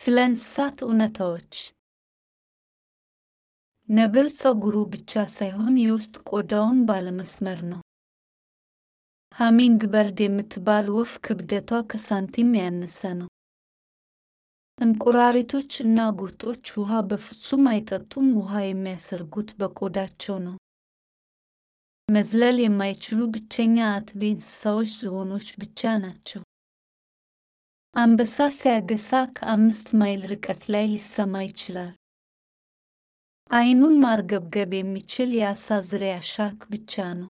ስለ እንስሳት እውነታዎች ነብር ጸጉሩ ብቻ ሳይሆን የውስጥ ቆዳውን ባለመስመር ነው። ሃሚንግ በርድ የምትባል ወፍ ክብደቷ ከሳንቲም ያነሰ ነው። እንቁራሪቶች እና ጎጦች ውሃ በፍጹም አይጠጡም። ውሃ የሚያሰርጉት በቆዳቸው ነው። መዝለል የማይችሉ ብቸኛ አጥቢ እንስሳዎች ዝሆኖች ብቻ ናቸው። አንበሳ ሲያገሳ ከአምስት ማይል ርቀት ላይ ሊሰማ ይችላል። አይኑን ማርገብገብ የሚችል የአሳ ዝርያ ሻርክ ብቻ ነው።